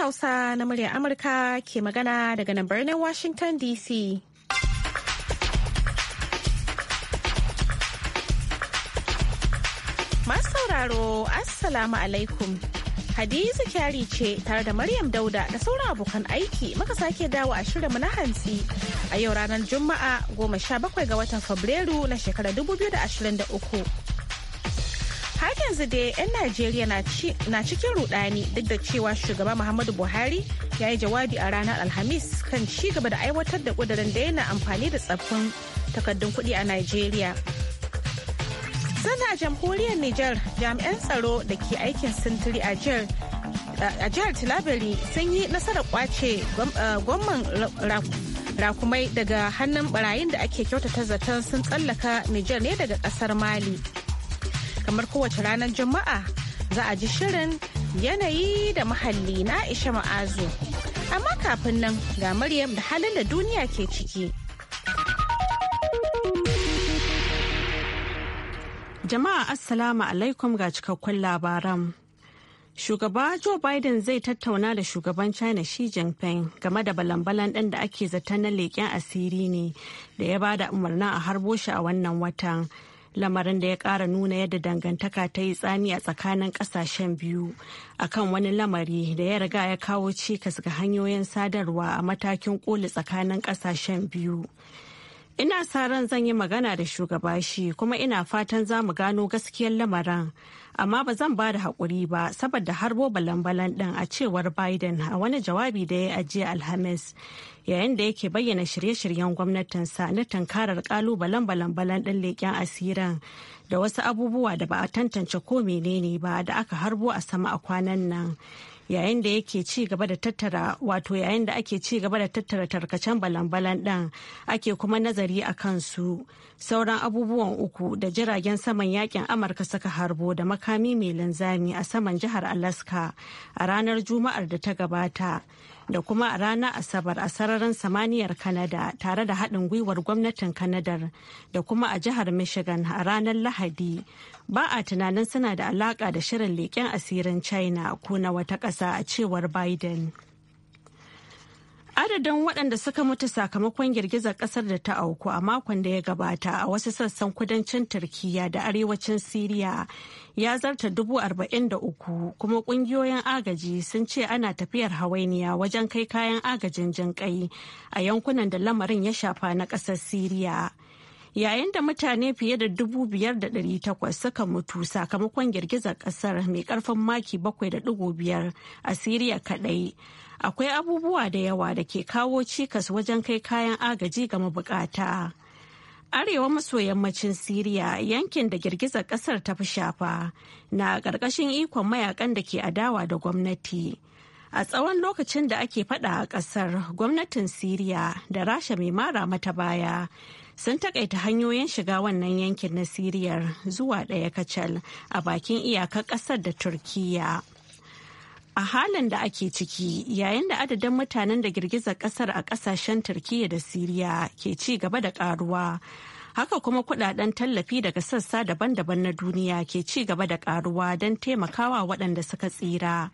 Hausa na murya Amurka ke magana daga nan birnin Washington DC. Masu sauraro, Assalamu alaikum. Hadiza Kyari ce tare da Maryam Dauda da sauran abokan aiki muka sake dawo a mu na hantsi a yau ranar Juma'a 17 ga watan Fabrairu na shekarar 2023. har yanzu dai 'yan najeriya na cikin rudani duk da cewa shugaba muhammadu buhari ya yi jawabi a ranar alhamis kan ci gaba da aiwatar da kudirin daina amfani da tsaffin takardun kudi a najeriya sana jamhuriyar niger jami'an tsaro da ke aikin sintiri a jihar a jihar tilabiri sun yi nasarar kwace eh, gwamman rakumai daga hannun barayin da ake kyautata zaton sun tsallaka niger ne daga kasar mali kamar kowace ranar Juma'a za a ji shirin yanayi da muhalli na isha Ma'azu. Amma kafin nan ga Maryam da halin da duniya ke ciki. Jama'a Assalamu alaikum ga cikakkun labaran. Shugaba Joe Biden zai tattauna da shugaban China Xi Jinping game da balan-balan ɗin da ake zaton na leƙen asiri ne da ya bada umarna a harbo shi a wannan watan. lamarin da ya ƙara nuna yadda dangantaka ta yi tsami a tsakanin ƙasashen biyu akan wani lamari da ya riga ya kawo cikas ga hanyoyin sadarwa a matakin koli tsakanin ƙasashen biyu. Ina sa ran zan yi magana da shugaba shi kuma ina fatan za mu gano gaskiyar lamarin. Amma ba zan ba da haƙuri ba saboda harbo balan-balan ɗin a cewar Biden a wani jawabi da ya ajiye Alhamis yayin da yake bayyana shirye-shiryen gwamnatinsa na tankarar ƙalubalen balan-balan ɗin leƙen asirin da wasu abubuwa da ba a tantance ko menene ba da aka harbo a sama a kwanan nan. yayin da yake ci gaba da tattara wato yayin da ake ci gaba da tattara tarkacen balan-balan ɗin ake kuma nazari a kansu sauran abubuwan uku da jiragen saman yakin amurka suka harbo da makami mai linzami a saman jihar alaska a ranar juma'ar da ta gabata da kuma a ranar Asabar a sararin samaniyar Kanada tare da haɗin gwiwar gwamnatin Kanada da kuma a jihar Michigan a ranar Lahadi ba a tunanin suna da alaƙa da shirin leƙen asirin China ko na wata ƙasa a cewar Biden. Adadin waɗanda suka mutu sakamakon girgizar ƙasar da ta auku a makon da ya gabata a wasu sassan kudancin Turkiyya da arewacin Siriya ya zarta dubu arba'in da uku kuma ƙungiyoyin agaji sun ce ana tafiyar hawainiya wajen kai kayan agajin jinƙai a yankunan da lamarin ya shafa na ƙasar Siriya. yayin da mutane fiye da dubu biyar da ɗari takwas suka mutu sakamakon girgizar ƙasar mai ƙarfin maki bakwai da biyar a siriya kaɗai. akwai abubuwa da yawa da ke kawo cikas wajen kai kayan agaji ga mabukata. Arewa maso yammacin Siriya yankin da girgizar kasar ta fi shafa na ƙarƙashin ikon mayakan da ke adawa da gwamnati. A tsawon lokacin da ake fada a ƙasar gwamnatin Siriya da Rasha mai mara mata baya sun takaita hanyoyin shiga wannan yankin na Siriyar zuwa ɗaya kacal a bakin iyakar ƙasar da Turkiyya. a halin da ake ciki yayin da adadin mutanen da girgizar kasar a kasashen Turkiyya da siriya ke ci gaba da karuwa haka kuma kudaden tallafi daga sassa daban-daban na duniya ke ci gaba da karuwa don taimakawa waɗanda suka tsira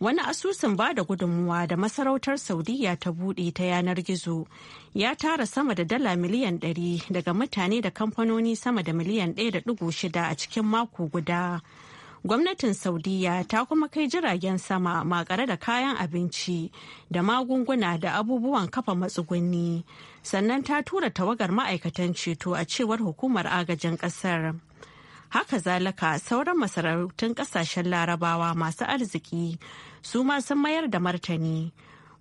wani asusun ba da gudunmuwa da masarautar saudiya ta buɗe ta yanar gizo ya tara sama da dala miliyan 100 daga mutane da kamfanoni sama da miliyan 1.6 a cikin mako guda. gwamnatin saudiya ta kuma kai jiragen sama makare da kayan abinci da magunguna da abubuwan kafa matsugunni sannan ta tura tawagar ma'aikatan ceto a cewar hukumar agajin kasar haka zalika sauran masarautun kasashen larabawa masu arziki su ma sun mayar da martani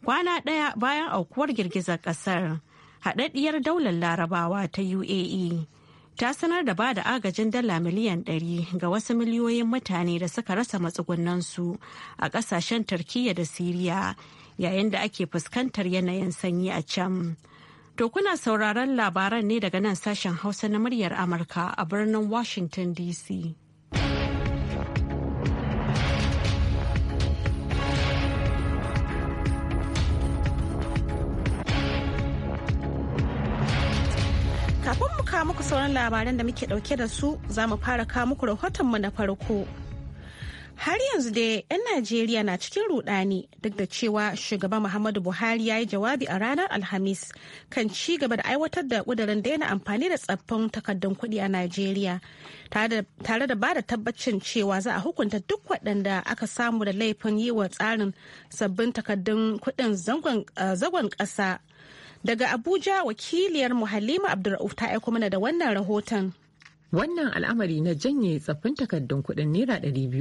kwana ɗaya bayan aukuwar girgizar kasar haɗaɗɗiyar daular larabawa ta uae ta sanar da ba da agajin dala miliyan 100 ga wasu miliyoyin mutane da suka rasa matsugunansu a kasashen turkiyya da siriya yayin da ake fuskantar yanayin sanyi a can to kuna sauraron labaran ne daga nan sashen hausa na muryar amurka a birnin washington dc Kafin mu kawo muku sauran labaran da muke dauke da su za mu fara kawo muku rahotonmu na farko. Har yanzu dai 'yan Najeriya na cikin rudani duk da cewa shugaban Muhammadu Buhari ya yi jawabi a ranar Alhamis kan ci gaba da aiwatar da kudirin daina amfani da tsaffin takardun kuɗi a Najeriya tare da ba da tabbacin cewa za a hukunta duk waɗanda aka samu da laifin yi wa tsarin sabbin takardun kuɗin zagon eh, ƙasa Daga Abuja wakiliyar mu Halima Abdulrauf ta aiko mana da wannan rahoton. wannan al'amari na janye tsaffin takardun kuɗin naira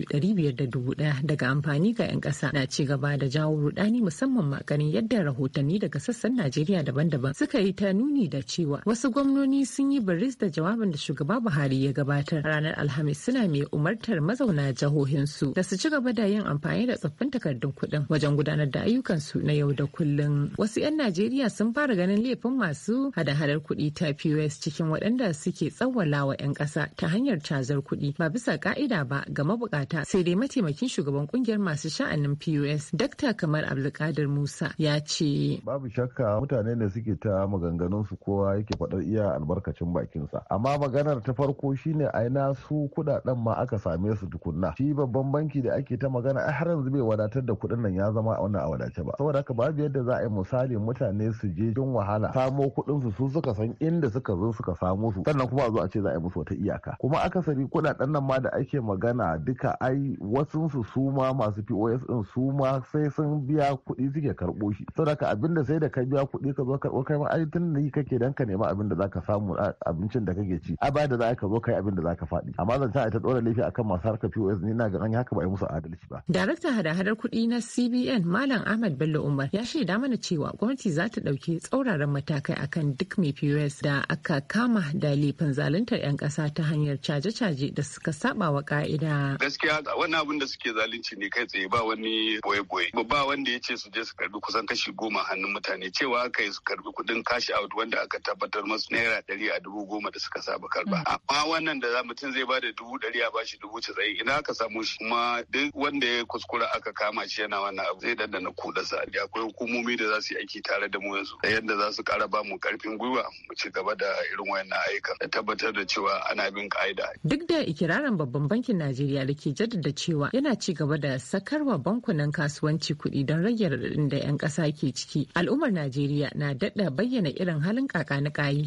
ɗari biyar da dubu ɗaya daga amfani ga 'yan ƙasa na ci gaba da jawo rudani musamman ma ganin yadda rahotanni daga sassan najeriya daban-daban suka yi ta nuni da cewa wasu gwamnoni sun yi baris da jawabin da shugaba buhari ya gabatar ranar alhamis suna mai umartar mazauna jihohinsu da su ci gaba da yin amfani da tsaffin takardun kuɗin wajen gudanar da ayyukansu na yau da kullum wasu 'yan najeriya sun fara ganin laifin masu hada-hadar kuɗi ta pos cikin waɗanda suke tsawwalawa 'yan ƙasa ta hanyar cazar kuɗi ba bisa ƙa'ida ba ga mabukata sai dai mataimakin shugaban kungiyar masu sha'anin POS Dr. Kamar Abdulkadir Musa ya ce. Babu shakka mutane ne suke ta maganganun su kowa yake faɗar iya albarkacin bakinsa. Amma maganar ta farko shine aina su kuɗaɗen ma aka same su tukunna. Shi babban banki da ake ta magana ai har yanzu bai wadatar da kuɗin nan ya zama wannan a wadace ba. Saboda haka babu yadda za a yi misali mutane su je jin wahala samo kuɗin su su suka san inda suka zo suka samo su sannan kuma a zo a ce za a yi musu ta iyaka kuma akasari kuɗaɗen nan ma da ake magana duka ai wasunsu su ma masu pos din su sai sun biya kuɗi suke karɓo shi saboda abinda sai da ka biya kuɗi ka zo karɓo kai ma ai tun da kake dan ka nema abin da zaka samu abincin da kake ci a ba da za ka zo kai abin da zaka faɗi amma zancen ai ta dora laifi akan masu harka pos ne na ga an yi haka ba a musu adalci ba. daraktan hada-hadar kuɗi na cbn malam ahmad bello umar ya shaida mana cewa gwamnati za ta ɗauki tsauraran matakai akan duk mai pos da aka kama da laifin zaluntar 'yan ƙasa ƙasa ta hanyar caje-caje da suka saba wa ƙa'ida. Gaskiya wani abin da suke zalunci ne kai tsaye ba wani boye-boye. Ba wanda ya ce su je su karbi kusan kashi goma hannun mutane cewa aka yi su karbi kuɗin kashi out wanda aka tabbatar masu naira ɗari a dubu goma da suka saba karba. Mm. Amma wannan da mutum zai bada da dubu ɗari a bashi dubu tsaye ina aka samu shi kuma duk wanda ya kuskura aka kama shi yana wannan abu zai dandana kuɗasa. Akwai hukumomi da za su yi aiki tare da mu yanzu da yadda za su ƙara ba mu ƙarfin gwiwa mu ci gaba da irin wayannan ayyukan da tabbatar da cewa ana bin ka'ida. Duk da ikirarin babban bankin Najeriya da ke jaddada cewa yana ci gaba da sakarwa bankunan kasuwanci kuɗi don rage raɗaɗin da 'yan ƙasa ke ciki. Al'ummar Najeriya na daɗa bayyana irin halin kaka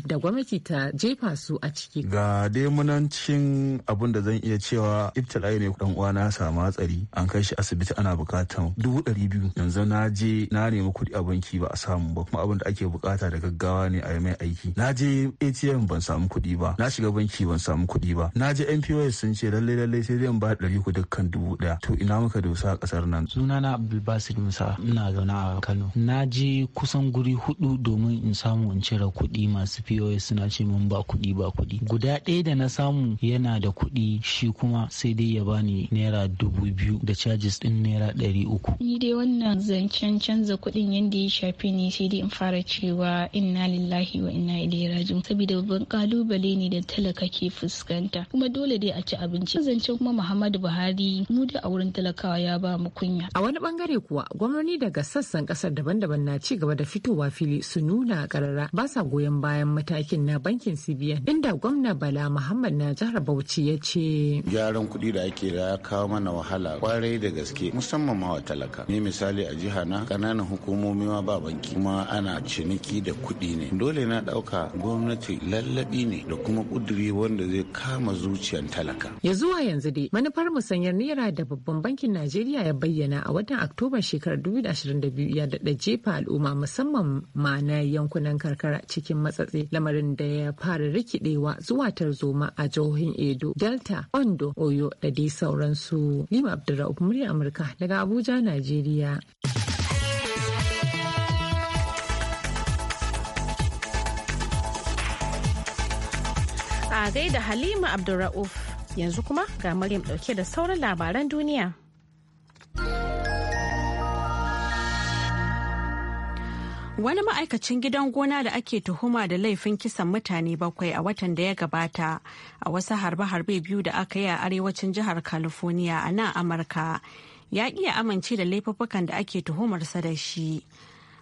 da gwamnati ta jefa su a ciki. Ga dai munancin abin da zan iya cewa iftila'i ne ɗan uwa na samu hatsari an kai shi asibiti ana bukatan dubu ɗari biyu yanzu na je na nemi kuɗi a banki ba a samu ba kuma abin da ake bukata da gaggawa ne a yi mai aiki. Na je ATM ban samu kuɗi ba na shiga banki aiki ban samu kuɗi ba na ji NPOS sun ce lalle lallai sai zan ba ɗari ku dukkan dubu ɗaya to ina muka dosa a ƙasar nan sunana Abdulbasir Musa ina zaune a Kano na je kusan guri hudu domin in samu in cire kuɗi masu POS suna ce mun ba kuɗi ba kuɗi guda ɗaya da na samu yana da kuɗi shi kuma sai dai ya bani naira dubu biyu da charges ɗin naira ɗari uku ni dai wannan zancen canza kuɗin yadda ya shafi ne sai dai in fara cewa inna lillahi wa inna ilaihi raji'un saboda babban kalubale ne da talaka ake fuskanta kuma dole dai a ci abinci zancen kuma muhammadu buhari mu da a wurin talakawa ya ba mu kunya a wani bangare kuwa gwamnoni daga sassan kasar daban-daban na ci gaba da fitowa fili su nuna karara ba sa goyon bayan matakin na bankin cbn inda gwamna bala muhammad na jihar bauchi ya ce gyaran kuɗi da ake da ya kawo mana wahala kwarai da gaske musamman ma wa talaka ne misali a jiha na ƙananan hukumomi ma ba banki kuma ana ciniki da kuɗi ne dole na ɗauka gwamnati lallabi ne da kuma ƙuduri wanda zai kama zuciyan talaka. Ya zuwa yanzu dai manufar musanyar naira da babban bankin Najeriya ya bayyana a watan Oktoba shekarar 2022 ya daɗa jefa al'umma musamman ma na yankunan karkara cikin matsatsi lamarin da ya fara rikidewa zuwa tarzoma a jihohin Edo, Delta, Ondo, Oyo da dai sauransu. Lima Abdulrahman Murya Amurka daga Abuja, Najeriya. A gaida Halima Abdulra'uf yanzu kuma ga Maryam ɗauke da sauran labaran duniya. Wani ma'aikacin gidan gona da ake tuhuma da laifin kisan mutane bakwai a watan da ya gabata a wasu harbe-harbe biyu da aka yi a arewacin jihar California a nan Amurka ya iya amince da laifuffukan da ake tuhumarsa da shi.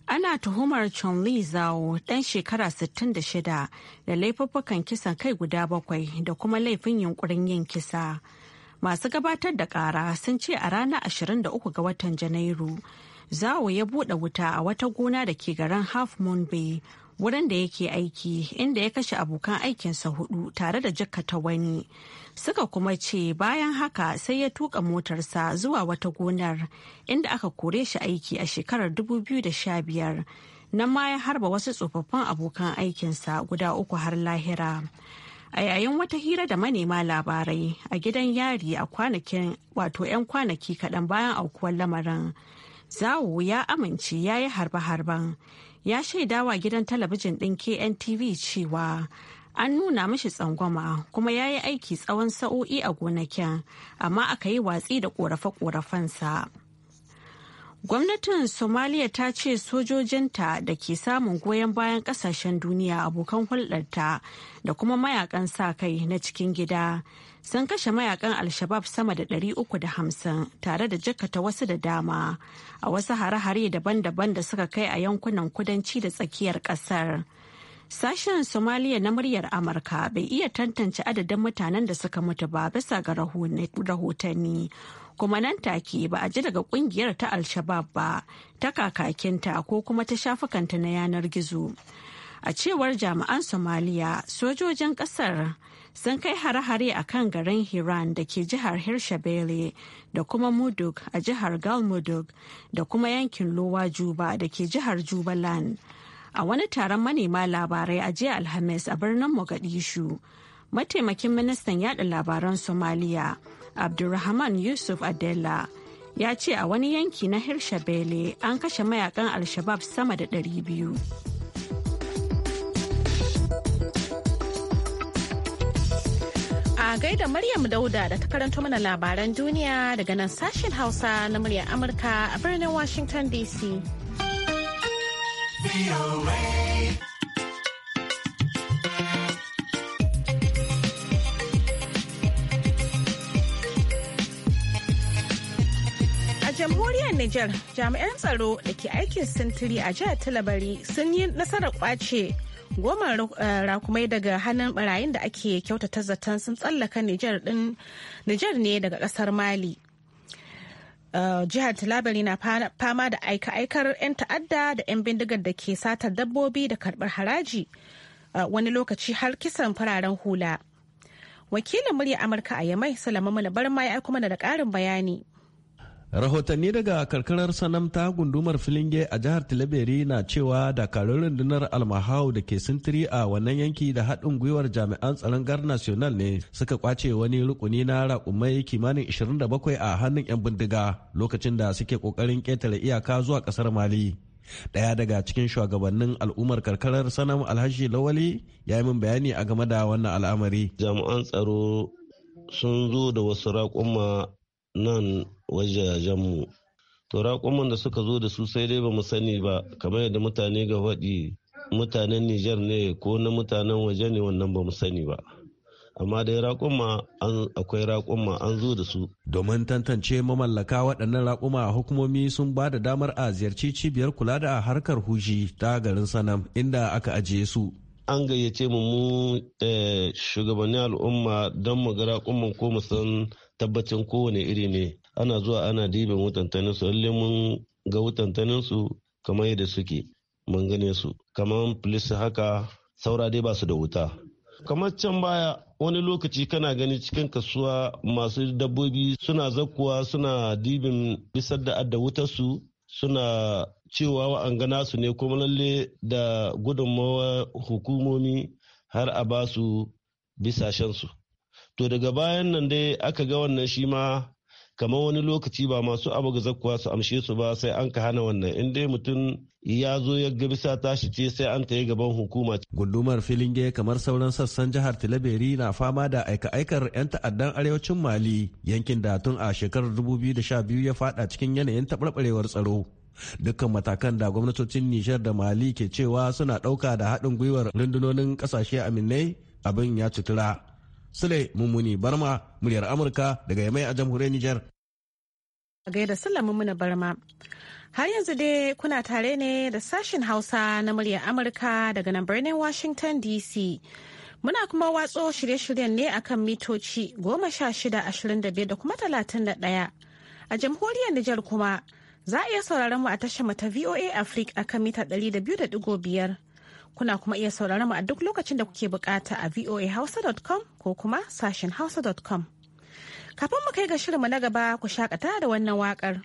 ana tuhumar chun li zao dan shekara 66 da laifuffukan kisan kai guda bakwai da kuma laifin yunkurin yin kisa masu gabatar da kara sun ce a ranar 23 ga watan janairu zao ya buɗe wuta a wata gona da ke garin half moon bay wurin da yake aiki inda ya kashe abokan aikinsa hudu tare da jakkata wani suka kuma ce bayan haka sai ya tuka motarsa zuwa wata gonar inda aka kore shi aiki a shekarar 2015 nan ma ya harba wasu tsofaffin abokan aikinsa guda uku har lahira a yayin wata hira da manema labarai a gidan yari a kwanakin wato 'yan kwanaki kaɗan bayan aukuwar lamarin zawo ya amince ya yi harbe-harben ya shaidawa gidan talabijin ɗin KNTV cewa an nuna mashi tsangwama kuma ya yi aiki tsawon sa'o'i a gonakin amma aka yi watsi da korafe-korafensa. Gwamnatin Somaliya ta ce sojojinta da ke samun goyon bayan kasashen duniya abokan hulɗarta da kuma mayakan sa kai na cikin gida sun kashe mayakan alshabab sama da 350 tare da jakata wasu da dama a wasu hare-hare daban-daban da suka kai a yankunan kudanci da tsakiyar kasar sashen somaliya na muryar amurka bai iya tantance adadin mutanen da suka mutu ba bisa ga rahotanni kuma nan take ba a ji daga kungiyar ta alshabab ba ta kakakinta ko kuma ta shafukanta na yanar gizo a cewar jami'an somaliya sojojin kasar sun kai hare-hare a kan garin Hiran da ke jihar Hirshabele da kuma Mudug a jihar Galmudug da kuma yankin Lowa Juba da ke jihar Jubaland. A wani taron manema labarai a jiya Alhamis a birnin Mogadishu, mataimakin ministan yada labaran Somaliya, Abdulrahman Yusuf Adela, ya ce a wani yanki na Hirshabele an kashe mayakan Alshabab sama da 200. A gaida Maryam Dauda da ta karanto mana labaran duniya daga nan sashen Hausa na muryar Amurka a birnin Washington DC. jamhuriyar Nijar jami'an tsaro da ke aikin sintiri a jihar Talabari sun yi nasarar kwace goma rakumai eh, daga hannun barayin da ake kyautata zaton sun tsallaka Nijar ne daga kasar Mali. Eh, jihar Talabari na fama da aika-aikar 'yan ta'adda da 'yan bindigar da ke satar dabbobi da karbar haraji eh, wani lokaci har kisan fararen hula. Wakilin murya Amurka a Yamai Salamu Barma ya aiko mana da karin bayani. rahotanni daga karkarar sanam ta gundumar filinge a jihar tilaberi na cewa dakarun rundunar almahau da ke sintiri a wannan yanki da haɗin gwiwar jami'an tsaron gar national ne suka kwace wani rukuni na raƙumai kimanin 27 a hannun 'yan bindiga lokacin da suke ƙoƙarin ƙetare iyaka zuwa ƙasar mali ɗaya daga cikin shugabannin al'ummar karkarar sanam alhaji lawali ya yi min bayani a game da wannan al'amari jami'an tsaro sun zo da wasu raƙuma nan wajajenmu to raƙuman da suka zo da su sai dai ba mu sani ba kamar yadda mutane ga faɗi mutanen Nijar ne ko na mutanen waje ne wannan ba mu sani ba amma dai raƙuma akwai raƙuma an zo da su domin tantance mamallaka waɗannan raƙuma hukumomi sun ba da damar a ziyarci cibiyar kula da harkar huji ta garin sanam inda aka ajiye su an gayyace mu mu eh, shugabannin al'umma don mu ga raƙuman ko mu san tabbacin kowane iri ne ana zuwa ana dibin wutantanin su lalle mun ga wutantanin su kamar yadda suke mun gane su kamar police haka saura dai ba da wuta kamar can baya wani lokaci kana gani cikin kasuwa masu dabbobi suna zakkuwa suna dibin bisar da adda su suna cewa an gana su ne kuma lalle da gudunmawa hukumomi har a basu bisashensu to daga bayan nan dai aka ga wannan shi ma kamar wani lokaci ba masu abu ga zakkuwa su amshe su ba sai an ka hana wannan in dai mutum ya zo ya ga bisa tashi ce sai an yi gaban hukuma. Gundumar Filinge kamar sauran sassan jihar Tilaberi na fama da aika-aikar 'yan ta'addan arewacin Mali yankin da tun a shekarar 2012 ya fada cikin yanayin taɓarɓarewar tsaro. Dukkan matakan da gwamnatocin Nijar da Mali ke cewa suna ɗauka da haɗin gwiwar rundunonin ƙasashe aminai abin ya cutura. Sule Mummuni Barma, muryar Amurka daga Yamai a jamhuriyar Nijar. A gaida Sule Mummuni Barma. Har yanzu dai kuna tare ne da sashen Hausa na muryar Amurka daga nan birnin Washington DC. Muna kuma watso shirye-shiryen ne akan mitoci goma sha shida ashirin da biyar da kuma talatin da ɗaya. A jamhuriyar Nijar kuma za a iya sauraron mu a tashar mata VOA Africa akan mita ɗari da biyu da ɗigo biyar. Kuna kuma iya sauraron mu a duk lokacin da kuke bukata a voahausa.com ko kuma sashen hausa.com. Kafin mu kai ga shirinmu na gaba ku shakata da wannan waƙar.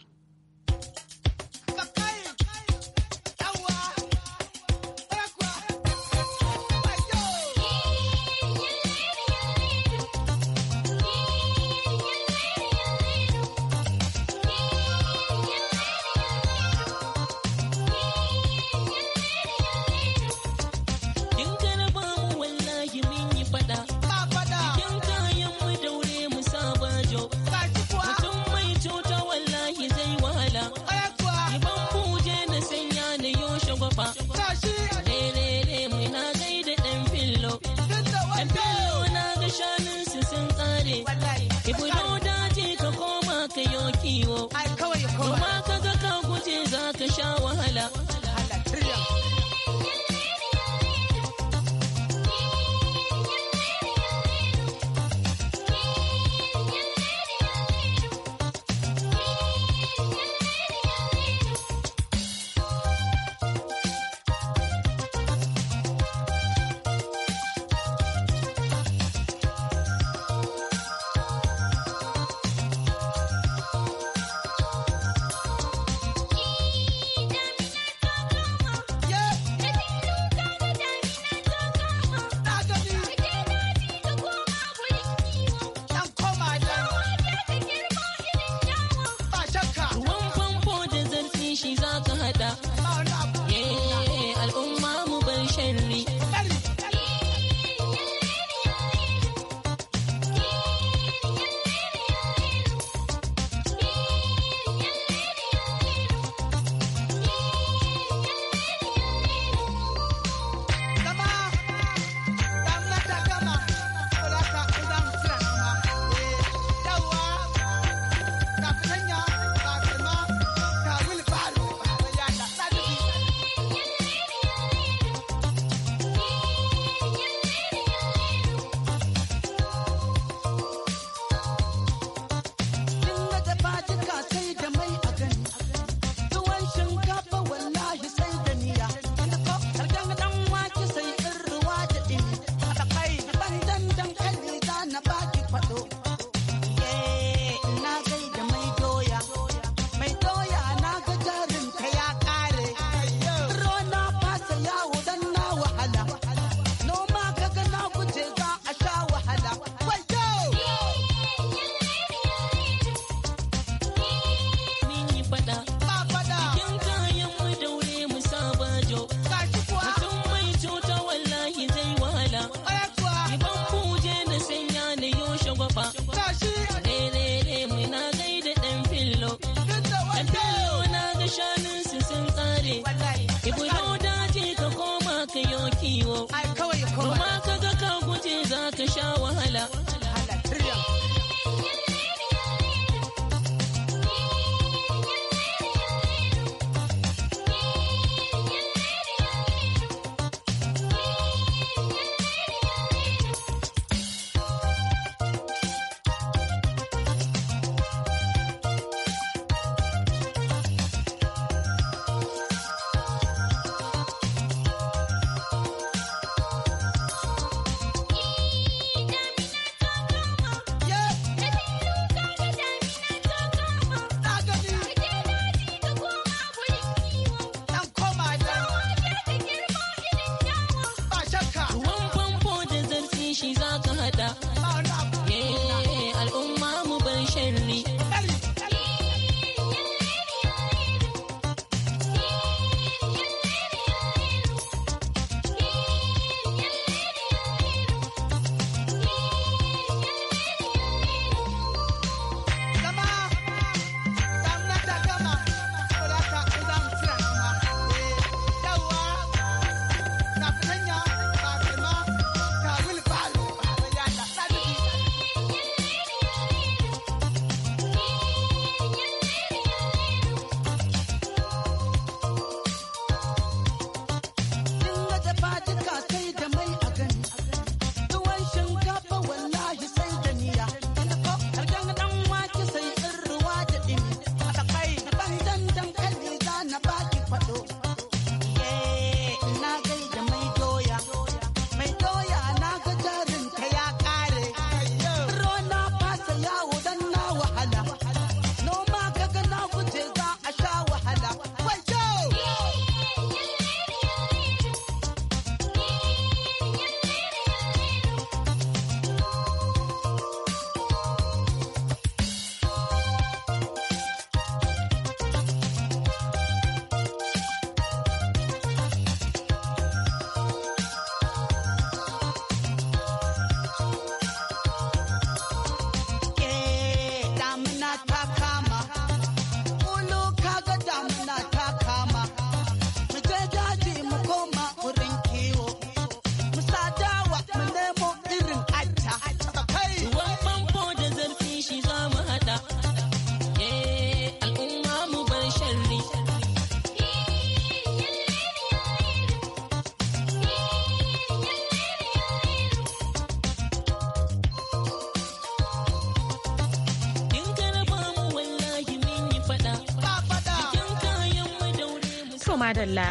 madalla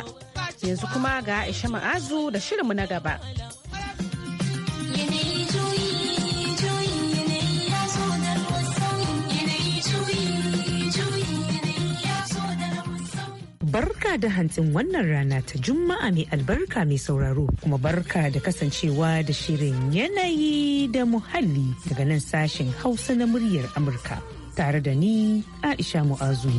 yanzu kuma ga aisha ma'azu da shirinmu na gaba barka da hantsin wannan rana ta juma'a mai albarka mai sauraro kuma barka da kasancewa da shirin yanayi da muhalli daga nan sashen hausa na muryar amurka tare da ni aisha mu'azu.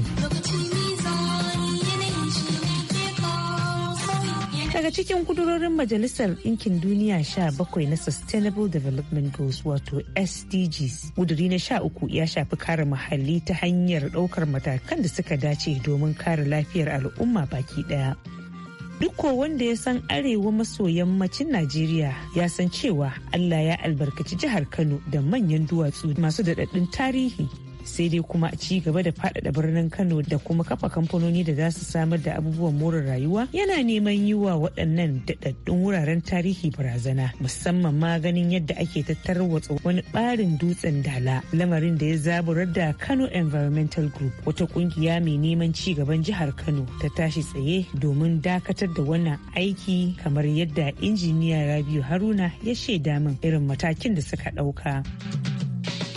Daga cikin kudurorin Majalisar Ɗinkin Duniya sha bakwai na Sustainable Development Goals wato SDGs, guduri na sha uku ya shafi kare muhalli ta hanyar ɗaukar matakan da suka dace domin kare lafiyar al'umma baki ɗaya. duk wanda ya san arewa maso yammacin Najeriya ya san cewa Allah ya albarkaci jihar Kano da manyan duwatsu masu daɗaɗɗun tarihi sai dai kuma a ci gaba da faɗaɗa birnin kano da kuma kafa kamfanoni da za su samar da abubuwan more rayuwa yana neman yi wa waɗannan daɗaɗɗun wuraren tarihi barazana musamman ma ganin yadda ake tattarwatsa wani ɓarin dutsen dala lamarin da ya zaburar da kano environmental group wata ƙungiya mai neman ci gaban jihar kano ta tashi tsaye domin dakatar da wannan aiki kamar yadda injiniya rabiu haruna ya shaida min irin matakin da suka ɗauka.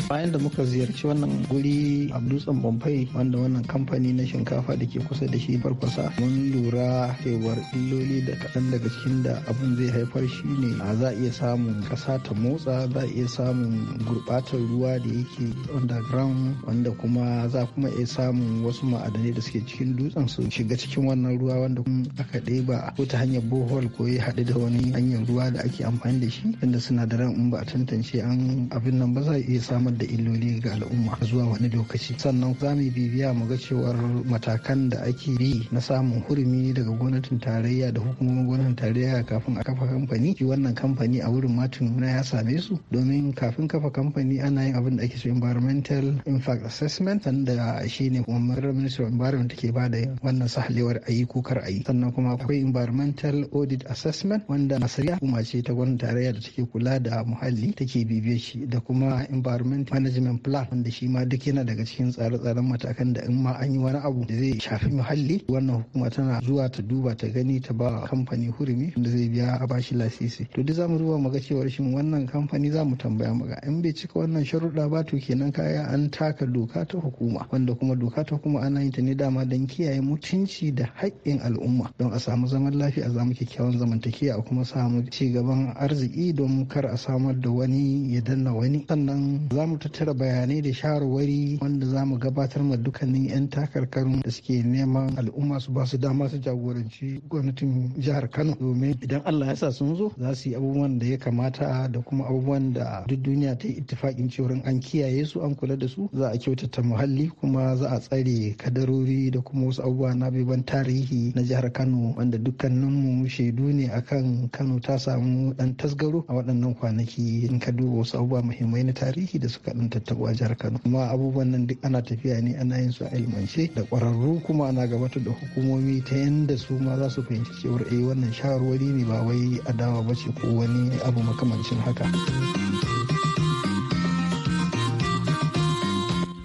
bayan da muka ziyarci wannan guri a dutsen bombay wanda wannan kamfani na shinkafa da ke kusa da shi farfasa mun lura cewar illoli da kaɗan daga cikin da abin zai haifar shi ne za a iya samun ƙasa ta motsa za iya samun gurɓatar ruwa da yake underground wanda kuma za kuma iya samun wasu ma'adanai da suke cikin dutsen su shiga cikin wannan ruwa wanda aka ɗeba ko ta hanyar bohol ko ya haɗu da wani hanyar ruwa da ake amfani da shi inda sinadaran in ba a tantance an abin nan ba za a iya samar da illoli ga al'umma zuwa wani lokaci sannan za mu bibiya mu ga cewar matakan da ake bi na samun hurumi daga gwamnatin tarayya da hukumomin gwamnatin tarayya kafin a kafa kamfani shi wannan kamfani a wurin matin na ya same su domin kafin kafa kamfani ana yin abin da ake so environmental impact assessment da shi ne kuma ministry of environment take ba da wannan sahalewar ayi ko kar yi sannan kuma akwai environmental audit assessment wanda masariya kuma ce ta gwamnatin tarayya da take kula da muhalli take bibiye shi da kuma environmental management plan wanda shi ma duk yana daga cikin tsare-tsaren matakan da in ma an yi wani abu da zai shafi muhalli wannan hukuma tana zuwa ta duba ta gani ta ba kamfani hurumi da zai biya a bashi lasisi to duk zamu zuba maga cewa shin wannan kamfani mu tambaya maga in bai cika wannan sharuɗa ba to kenan kaya an taka doka ta hukuma wanda kuma doka ta hukuma ana yin ta ne dama don kiyaye mutunci da haƙƙin al'umma don a samu zaman lafiya a samu kyakkyawan zamantakewa a kuma samu ci gaban arziki don kar a samar da wani ya danna wani sannan mu tattara bayanai da shawarwari wanda za mu gabatar ma dukkanin 'yan takarkarun da suke neman al'umma su ba su dama su jagoranci gwamnatin jihar kano domin idan allah ya sa sun zo za su yi abubuwan da ya kamata da kuma abubuwan da duk duniya ta yi ittifakin cewar an kiyaye su an kula da su za a kyautata muhalli kuma za a tsare kadarori da kuma wasu abubuwa na biban tarihi na jihar kano wanda dukkaninmu shaidu ne akan kano ta samu dan tasgaro a waɗannan kwanaki in ka duba wasu abubuwa muhimmai na tarihi da suka aka dan tattaɓa a jihar Kano amma abubuwan nan duk ana tafiya ne ana yin su a ilmance da ƙwararru kuma ana gabatar da hukumomi ta yanda su ma za su fahimci cewar eh wannan shawarwari ne ba wai adawa ba ce ko wani abu makamancin haka.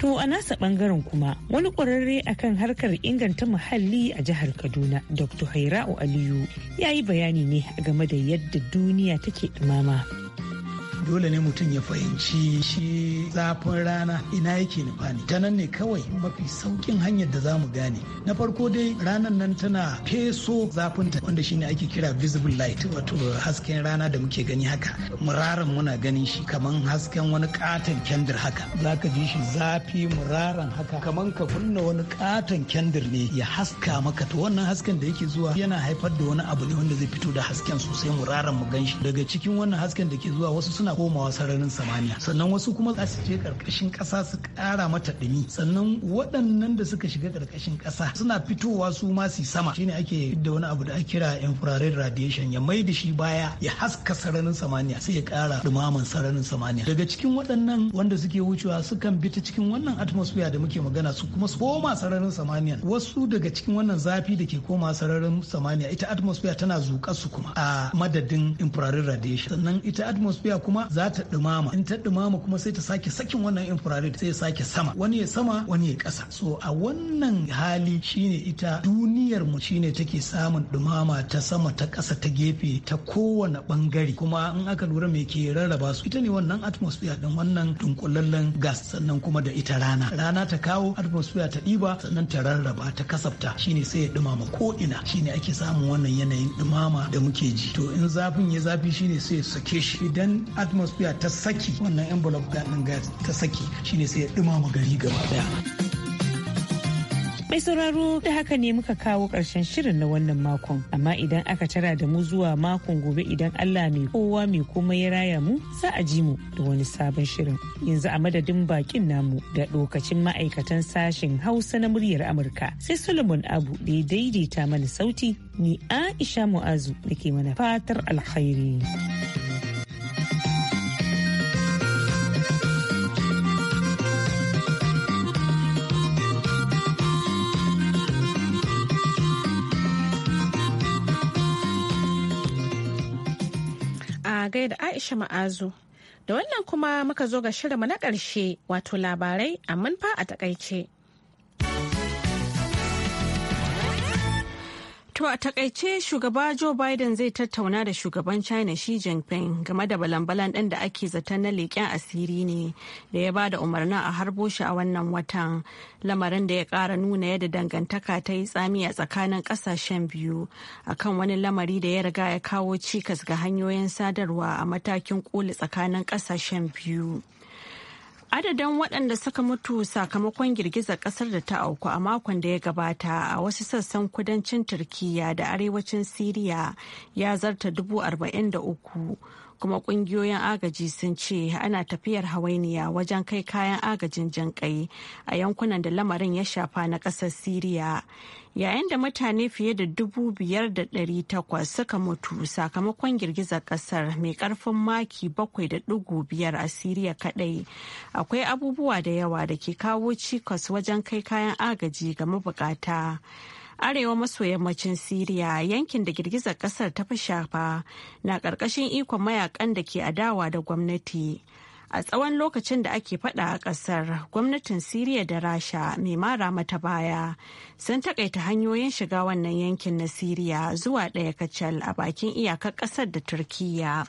To a nasa bangaren kuma wani kwararre akan harkar inganta muhalli a jihar Kaduna Dr. Haira'u Aliyu ya yi bayani ne game da yadda duniya take dumama. dole ne mutum ya fahimci shi zafin rana ina yake nufa ne ta nan ne kawai mafi saukin hanyar da za mu gane na farko dai ranar nan tana feso zafinta wanda shine ake kira visible light wato hasken rana da muke gani haka muraran muna ganin shi kaman hasken wani katon kendir haka zaka ji shi zafi muraran haka kaman ka kunna wani katon kendir ne ya haska maka to wannan hasken da yake zuwa yana haifar da wani abu ne wanda zai fito da hasken sosai muraran mu gan shi. daga cikin wannan hasken da ke zuwa wasu suna komawa sararin samaniya sannan wasu kuma za su je karkashin kasa su kara mata dumi sannan waɗannan da suka shiga karkashin kasa suna fitowa su ma su sama shine ake da wani abu da ake kira infrared radiation ya mai da shi baya ya haska sararin samaniya sai ya kara dumaman sararin samaniya daga cikin waɗannan wanda suke wucewa sukan bi ta cikin wannan atmosphere da muke magana su kuma su koma sararin samaniya wasu daga cikin wannan zafi da ke koma sararin samaniya ita atmosphere tana zuƙa su kuma a madadin infrared radiation sannan ita atmosphere kuma za ta dumama in ta dumama kuma sai ta sake sakin wannan infrared sai ya sake sama wani ya sama wani ya kasa so a wannan hali shine ita duniyar mu shine take samun dumama ta sama ta kasa ta gefe ta kowane bangare kuma in aka lura me ke rarraba su ita ne wannan atmosphere din wannan dunkulallen gas sannan kuma da ita rana rana ta kawo atmosphere ta ɗiba sannan ta rarraba ta kasafta shine sai ya dumama ko ina shine ake samun wannan yanayin dumama da muke ji to in zafin ya zafi shine sai ya sake shi idan atmosphere ta saki wannan envelope ɗin gas ta saki shine sai ya dumama gari gaba daya. Mai sauraro da haka ne muka kawo ƙarshen shirin na wannan makon. Amma idan aka tara da mu zuwa makon gobe idan Allah mai kowa mai komai ya raya mu za a ji mu da wani sabon shirin. Yanzu a madadin bakin namu da lokacin ma'aikatan sashen Hausa na muryar Amurka. Sai Solomon Abu da ya daidaita mana sauti ni Aisha Mu'azu da ke mana fatar alkhairi. Aisha Ma'azu. Da wannan kuma muka zo ga shirinmu na ƙarshe wato labarai amman fa a takaice. To a takaice shugaba Joe Biden zai tattauna da shugaban China Xi Jinping game da balan-balan ɗin da ake zaton na leƙen asiri ne da ya ba da umarnin a harbo shi a wannan watan lamarin da ya ƙara nuna yadda dangantaka ta yi tsami a tsakanin ƙasashen biyu akan wani lamari da ya riga ya kawo cikas ga hanyoyin sadarwa a matakin ƙoli tsakanin ƙasashen biyu. Adadin waɗanda suka mutu sakamakon girgizar ƙasar da ta auku a makon da ya gabata a wasu sassan kudancin turkiya da arewacin Siriya ya zarta dubu arba'in da uku. kuma kungiyoyin agaji sun ce ana tafiyar hawainiya wajen kai kayan agajin jinƙai a yankunan da lamarin ya shafa na ƙasar siriya yayin da mutane fiye da dubu biyar da ɗari takwas suka mutu sakamakon girgizar ƙasar mai ƙarfin maki bakwai da ɗugu biyar a siriya kaɗai akwai abubuwa da yawa da ke kawo cikas wajen kai kayan agaji ga mabukata arewa maso yammacin siriya yankin da girgizar kasar ta fi shafa na ƙarƙashin ikon mayakan da ke adawa da gwamnati a tsawon lokacin da ake fada a ƙasar gwamnatin siriya da rasha mai mara mata baya sun takaita hanyoyin shiga wannan yankin na siriya zuwa ɗaya kacal a bakin iyakar ƙasar da turkiyya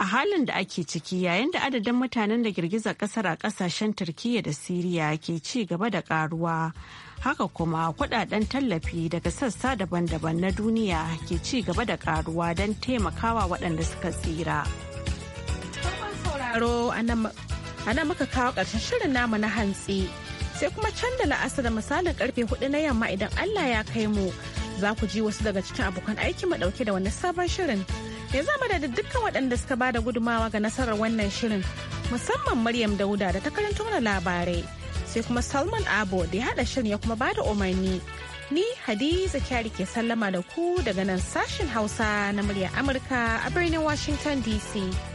a halin da ake ciki yayin da adadin mutanen da girgizar kasar a kasashen turkiyya da siriya ke ci gaba da karuwa haka kuma kudaden tallafi daga sassa daban-daban na duniya ke ci gaba da karuwa don taimakawa waɗanda suka tsira a nan muka kawo ƙarshen shirin namu na hantsi sai kuma can da la'asar da misalin karfe hudu na yamma idan allah ya kai mu za ku ji wasu daga cikin abokan aiki mu dauke da wani sabon shirin ya zama da dukkan waɗanda suka ba da gudumawa ga nasarar wannan shirin musamman Maryam Dauda da ta karanto mana labarai sai kuma Salman Abo da ya haɗa shirin ya kuma ba da umarni. Ni Hadiza Kyari ke sallama da ku daga nan sashin Hausa na murya Amurka a birnin Washington DC.